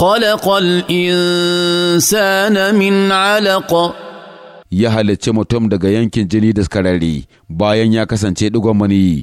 خلق الإنسان من علق ya halarci mutum daga yankin jini da daskararri bayan ya kasance ɗigon mani